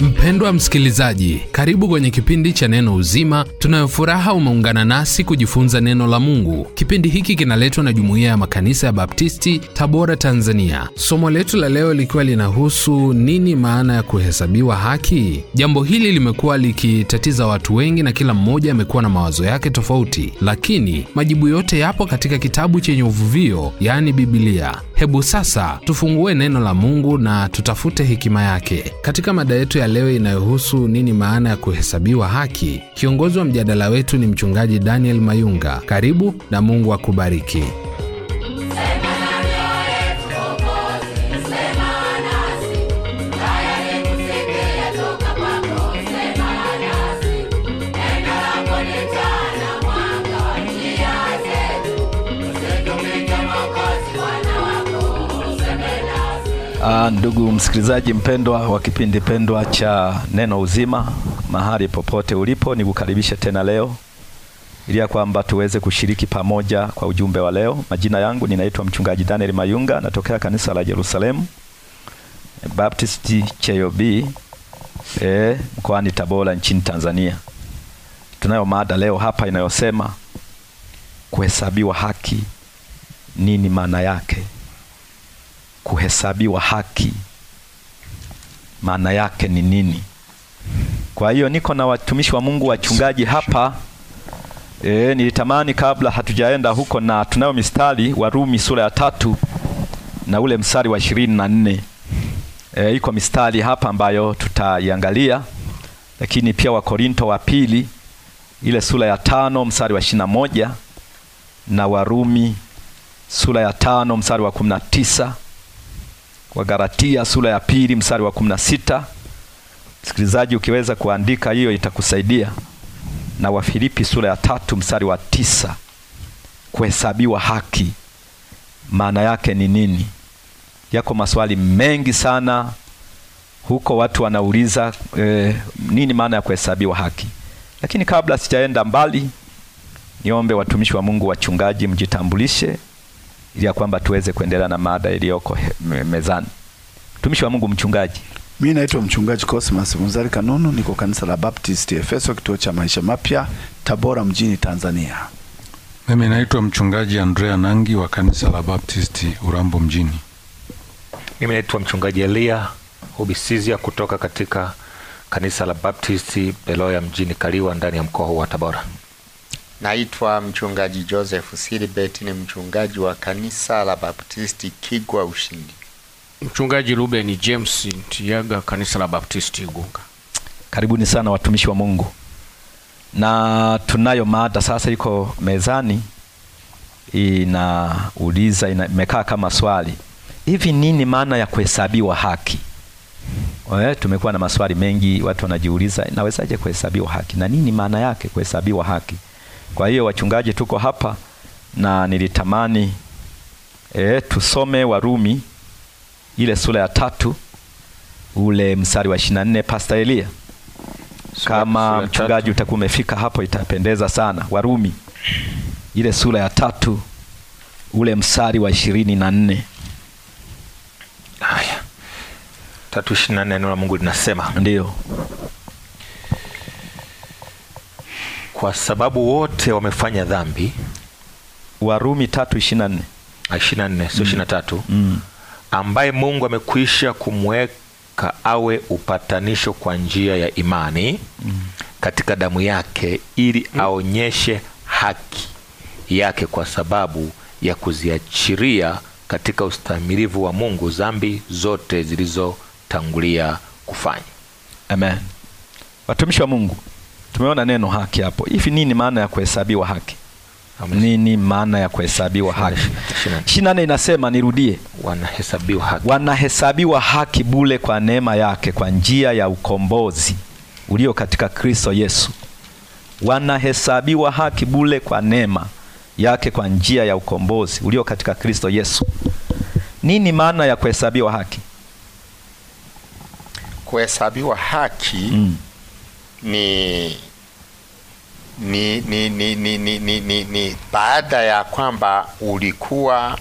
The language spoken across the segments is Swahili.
Mpendwa msikilizaji, karibu kwenye kipindi cha Neno Uzima. Tunayofuraha umeungana nasi kujifunza neno la Mungu. Kipindi hiki kinaletwa na Jumuiya ya Makanisa ya Baptisti, Tabora, Tanzania. Somo letu la leo likiwa linahusu nini maana ya kuhesabiwa haki. Jambo hili limekuwa likitatiza watu wengi na kila mmoja amekuwa na mawazo yake tofauti, lakini majibu yote yapo katika kitabu chenye uvuvio, yani bibilia Hebu sasa tufungue neno la Mungu na tutafute hekima yake katika mada yetu ya ya leo inayohusu nini maana ya kuhesabiwa haki. Kiongozi wa mjadala wetu ni mchungaji Daniel Mayunga. Karibu na Mungu akubariki. Uh, ndugu msikilizaji mpendwa wa kipindi pendwa cha Neno Uzima, mahali popote ulipo, nikukaribisha tena leo ili ya kwamba tuweze kushiriki pamoja kwa ujumbe wa leo. Majina yangu ninaitwa mchungaji Daniel Mayunga, natokea kanisa la Yerusalemu Baptist CHOB eh, mkoani Tabora nchini Tanzania. Tunayo mada leo hapa inayosema kuhesabiwa haki, nini maana yake? kuhesabiwa haki maana yake ni nini? Kwa hiyo niko na watumishi wa Mungu wachungaji hapa. E, nilitamani kabla hatujaenda huko, na tunayo mistari Warumi sura ya tatu na ule mstari wa ishirini na nne. E, iko mistari hapa ambayo tutaiangalia, lakini pia Wakorinto wa pili ile sura ya tano mstari wa ishirini na moja na Warumi sura ya tano mstari wa kumi na tisa Wagalatia sura ya pili mstari wa kumi na sita. Msikilizaji, ukiweza kuandika hiyo itakusaidia, na Wafilipi sura ya tatu mstari wa tisa. Kuhesabiwa haki maana yake ni nini? Yako maswali mengi sana huko, watu wanauliza e, nini maana ya kuhesabiwa haki? Lakini kabla sijaenda mbali, niombe watumishi wa Mungu, wachungaji, mjitambulishe ili ya kwamba tuweze kuendelea na mada iliyoko mezani. Mtumishi wa Mungu, mchungaji. Mimi naitwa mchungaji Cosmas Muzari Kanunu, niko kanisa la Baptist Efeso, kituo cha maisha mapya, Tabora mjini, Tanzania. Mimi naitwa mchungaji Andrea Nangi wa kanisa la Baptist Urambo mjini. Mimi naitwa mchungaji Elia Ubisizia kutoka katika kanisa la Baptist Beloya mjini Kaliwa ndani ya mkoa wa Tabora. Naitwa mchungaji Joseph Silibet, ni mchungaji wa kanisa la Baptisti Kigwa Ushindi. Mchungaji Ruben James Ntiyaga, kanisa la Baptisti Igunga. Karibuni sana watumishi wa Mungu, na tunayo mada sasa iko mezani inauliza, imekaa kama swali hivi, nini maana ya kuhesabiwa haki? Oe, eh, tumekuwa na maswali mengi, watu wanajiuliza inawezaje kuhesabiwa haki na nini maana yake kuhesabiwa haki? Kwa hiyo wachungaji, tuko hapa na nilitamani e, tusome Warumi ile sura ya tatu ule msari wa ishirini na nne Pastor Elia, kama mchungaji utakuwa umefika hapo itapendeza sana. Warumi ile sura ya tatu ule msari wa ishirini na nne Haya, tatu ishirini na nne neno la Mungu linasema, ndio kwa sababu wote wamefanya dhambi. Warumi 3:24. 24 ah, sio 23. Mm. Mm. ambaye Mungu amekwisha kumweka awe upatanisho kwa njia ya imani mm. katika damu yake ili mm. aonyeshe haki yake kwa sababu ya kuziachiria katika ustahimilivu wa Mungu dhambi zote zilizotangulia kufanya. Amen. Watumishi wa Mungu tumeona neno haki hapo. Hivi nini maana ya kuhesabiwa haki? Amen. Nini maana ya kuhesabiwa haki? ishirini na inasema nirudie, wanahesabiwa haki, wanahesabiwa haki bule kwa neema yake kwa njia ya ukombozi ulio katika Kristo Yesu. Wanahesabiwa haki bule kwa neema yake kwa njia ya ukombozi ulio katika Kristo Yesu. Nini maana ya kuhesabiwa haki? Kuhesabiwa haki mm. ni ni ni ni ni, ni, ni, ni, ni baada ya kwamba ulikuwa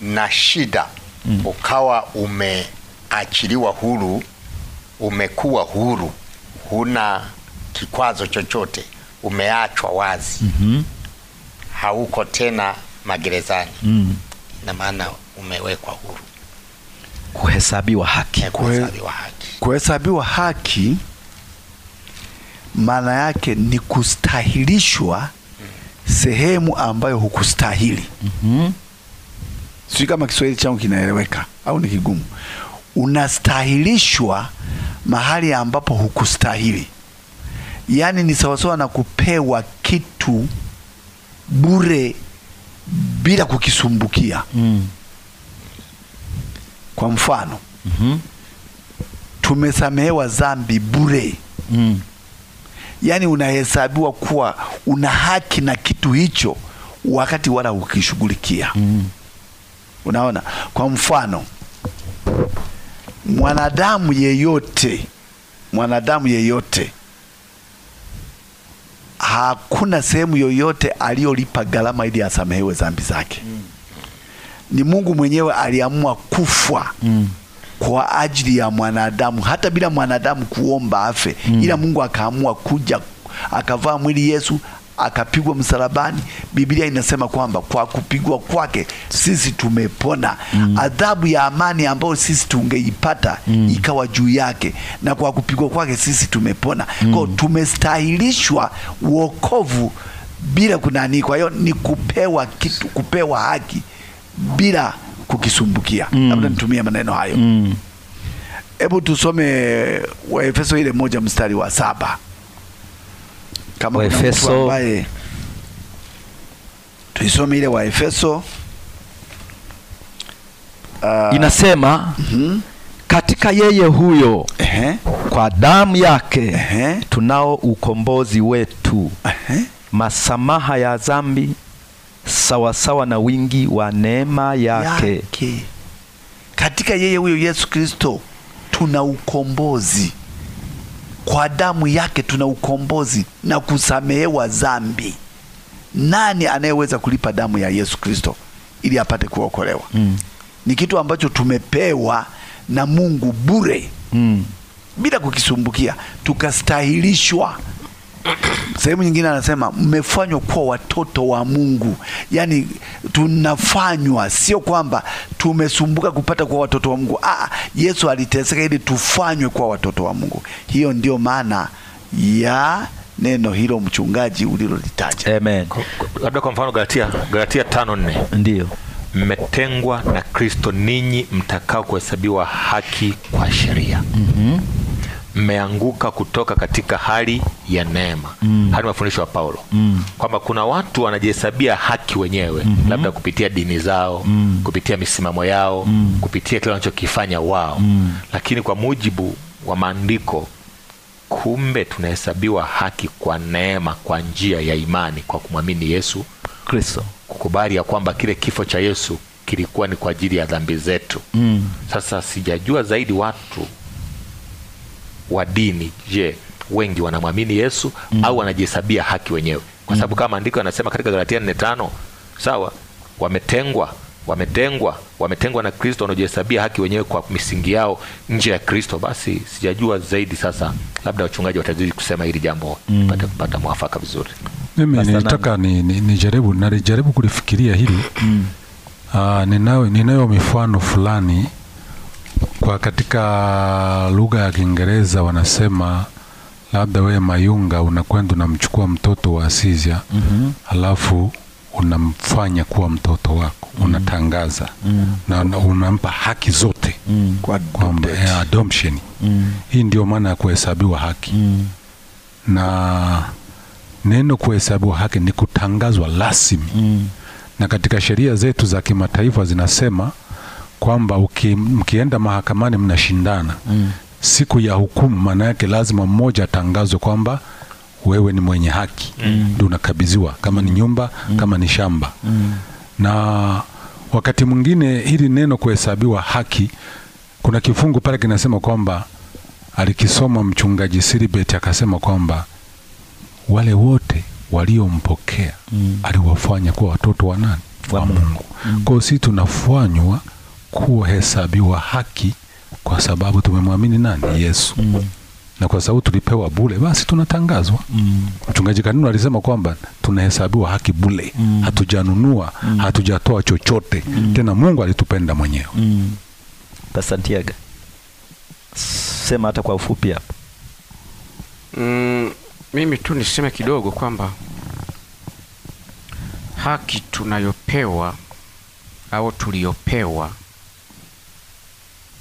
na shida mm. ukawa umeachiliwa huru, umekuwa huru, huna kikwazo chochote, umeachwa wazi mm -hmm. hauko tena magerezani mm. na maana umewekwa huru, kuhesabiwa haki, kuhesabiwa haki, kuhesabiwa haki maana yake ni kustahilishwa sehemu ambayo hukustahili. mm -hmm. Sijui kama Kiswahili changu kinaeleweka au ni kigumu. Unastahilishwa mahali ambapo hukustahili, yaani ni sawasawa na kupewa kitu bure bila kukisumbukia. mm. Kwa mfano mm -hmm. tumesamehewa dhambi bure mm yani unahesabiwa kuwa una haki na kitu hicho, wakati wala ukishughulikia mm. Unaona, kwa mfano mwanadamu yeyote, mwanadamu yeyote, hakuna sehemu yoyote aliyolipa gharama ili asamehewe dhambi zake mm. Ni Mungu mwenyewe aliamua kufwa mm kwa ajili ya mwanadamu, hata bila mwanadamu kuomba afe mm. ila Mungu akaamua kuja akavaa mwili Yesu akapigwa msalabani. Biblia inasema kwamba kwa kupigwa kwake sisi tumepona. mm. Adhabu ya amani ambayo sisi tungeipata mm. ikawa juu yake, na kwa kupigwa kwake sisi tumepona. mm. Kwa hmm. tumestahilishwa wokovu bila kunani. Kwa hiyo ni kupewa kitu, kupewa haki bila kukisumbukia mm. labda nitumie maneno hayo mm. Hebu tusome Waefeso ile moja mstari wa saba kama Waefeso ambaye tuisome ile Waefeso uh, ah. inasema mm -hmm. Katika yeye huyo -huh. kwa damu yake -huh. tunao ukombozi wetu -huh. masamaha ya dhambi sawasawa na wingi wa neema yake, yake. Katika yeye huyo Yesu Kristo tuna ukombozi kwa damu yake, tuna ukombozi na kusamehewa dhambi. Nani anayeweza kulipa damu ya Yesu Kristo ili apate kuokolewa? mm. Ni kitu ambacho tumepewa na Mungu bure mm. bila kukisumbukia, tukastahilishwa Sehemu nyingine anasema mmefanywa kuwa watoto wa Mungu, yaani tunafanywa, sio kwamba tumesumbuka kupata kuwa watoto wa Mungu. Ah, ah Yesu aliteseka ili tufanywe kuwa watoto wa Mungu. Hiyo ndio maana ya neno hilo mchungaji ulilolitaja. Amen. Labda kwa mfano Galatia, Galatia 5:4 ndio mmetengwa na Kristo ninyi mtakao kuhesabiwa haki kwa sheria. mm -hmm mmeanguka kutoka katika hali ya neema mm. Haya mafundisho ya Paulo mm. kwamba kuna watu wanajihesabia haki wenyewe mm -hmm. labda kupitia dini zao mm. kupitia misimamo yao mm. kupitia kile wanachokifanya wao mm. lakini kwa mujibu wa maandiko kumbe tunahesabiwa haki kwa neema, kwa njia ya imani, kwa kumwamini Yesu Kristo, kukubali ya kwamba kile kifo cha Yesu kilikuwa ni kwa ajili ya dhambi zetu mm. Sasa sijajua zaidi watu wa dini, je, wengi wanamwamini Yesu mm. au wanajihesabia haki wenyewe? Kwa mm. sababu kama maandiko yanasema katika Galatia 4:5, sawa, wametengwa wametengwa wametengwa na Kristo, wanaojihesabia haki wenyewe kwa misingi yao nje ya Kristo. Basi sijajua zaidi sasa, labda wachungaji watazidi kusema hili jambo mm. pate kupata mwafaka vizuri. Mimi nilitaka nijaribu ni, ni nalijaribu kulifikiria hili mm. Uh, ninayo ninayo mifano fulani kwa katika lugha ya Kiingereza wanasema labda we Mayunga unakwenda unamchukua mtoto wa Asizia mm -hmm. alafu unamfanya kuwa mtoto wako mm -hmm. unatangaza mm -hmm. na unampa haki zote mm -hmm. kwa eh, adoption mm -hmm. hii ndio maana ya kuhesabiwa haki mm -hmm. na neno kuhesabiwa haki ni kutangazwa rasmi mm -hmm. na katika sheria zetu za kimataifa zinasema kwamba mkienda mahakamani mnashindana mm. Siku ya hukumu, maana yake lazima mmoja atangazwe kwamba wewe ni mwenye haki mm. ndio mm. unakabidhiwa, kama ni nyumba mm. kama ni shamba mm. na wakati mwingine hili neno kuhesabiwa haki, kuna kifungu pale kinasema kwamba alikisoma mchungaji Silibeti akasema kwamba wale wote waliompokea mm. aliwafanya kuwa watoto wa nani? Wa Mungu. Mm. Kwa hiyo sisi tunafanywa kuhesabiwa haki kwa sababu tumemwamini nani? Yesu. mm. na kwa sababu tulipewa bule, basi tunatangazwa. mm. Mchungaji Kanunu alisema kwamba tunahesabiwa haki bule. mm. hatujanunua. mm. hatujatoa chochote. mm. tena Mungu alitupenda mwenyewe. mm. Santiago, sema hata kwa ufupi hapo. mm, mimi tu niseme kidogo kwamba haki tunayopewa au tuliyopewa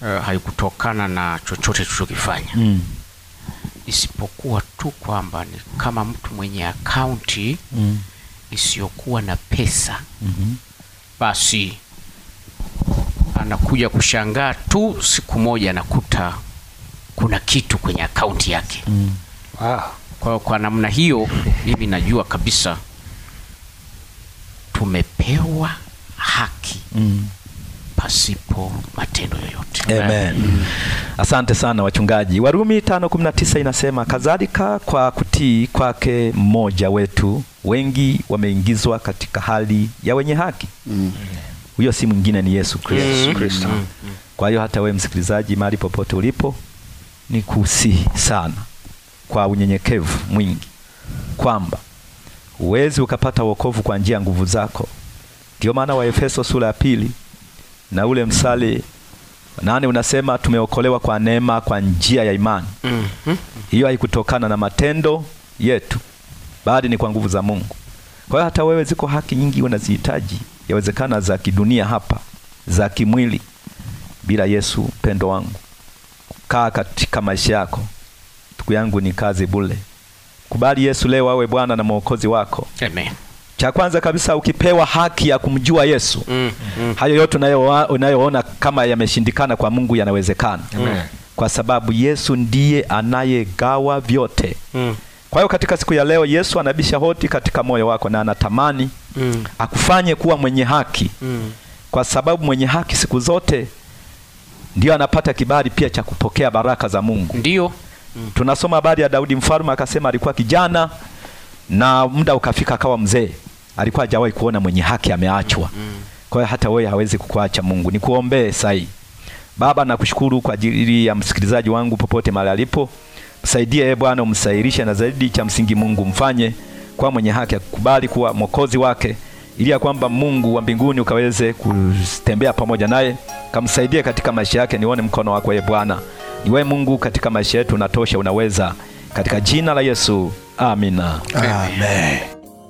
uh, haikutokana na chochote tulichokifanya mm. isipokuwa tu kwamba ni kama mtu mwenye akaunti mm. isiyokuwa na pesa mm-hmm. basi anakuja kushangaa tu siku moja anakuta kuna kitu kwenye akaunti yake mm. ah. kwa, kwa namna hiyo mimi najua kabisa tumepewa haki mm pasipo matendo yoyote. Amen. Mm. Asante sana wachungaji. Warumi 5:19 inasema kadhalika, kwa kutii kwake mmoja wetu wengi wameingizwa katika hali ya wenye haki. Mm. Huyo mm. si mwingine ni mm. Yesu Kristo. Mm. Kwa hiyo hata wewe msikilizaji, mahali popote ulipo, ni kusihi sana kwa unyenyekevu mwingi kwamba huwezi ukapata wokovu kwa njia ya nguvu zako. Ndio maana Waefeso sura ya pili na ule msali nane unasema tumeokolewa kwa neema kwa njia ya imani. mm -hmm. Hiyo haikutokana na matendo yetu, bali ni kwa nguvu za Mungu. Kwa hiyo hata wewe, ziko haki nyingi unazihitaji, yawezekana za kidunia hapa, za kimwili. Bila Yesu, mpendo wangu, kaa katika maisha yako, ndugu yangu, ni kazi bule. Kubali Yesu leo awe Bwana na Mwokozi wako. Amen. Cha kwanza kabisa ukipewa haki ya kumjua Yesu mm, mm. Hayo yote unayoona kama yameshindikana kwa Mungu yanawezekana mm. Kwa sababu Yesu ndiye anayegawa vyote mm. Kwa hiyo katika siku ya leo Yesu anabisha hoti katika moyo wako na anatamani mm. akufanye kuwa mwenye haki mm. Kwa sababu mwenye haki siku zote ndiyo anapata kibali pia cha kupokea baraka za Mungu. ndio Mm. Tunasoma habari ya Daudi mfalme, akasema alikuwa kijana na muda ukafika akawa mzee alikuwa hajawahi kuona mwenye haki ameachwa. Mm. Kwa hiyo hata wewe hawezi kukuacha Mungu. Nikuombee sai. Baba, nakushukuru kwa ajili ya msikilizaji wangu popote mahali alipo. Msaidie ewe Bwana, umsairishe na zaidi cha msingi Mungu mfanye kwa mwenye haki akubali kuwa mwokozi wake ili ya kwamba Mungu wa mbinguni ukaweze kutembea pamoja naye, kamsaidie katika maisha yake. Nione mkono wako ye ee Bwana, niwe Mungu katika maisha yetu, unatosha, unaweza, katika jina la Yesu, amina, amen.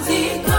quase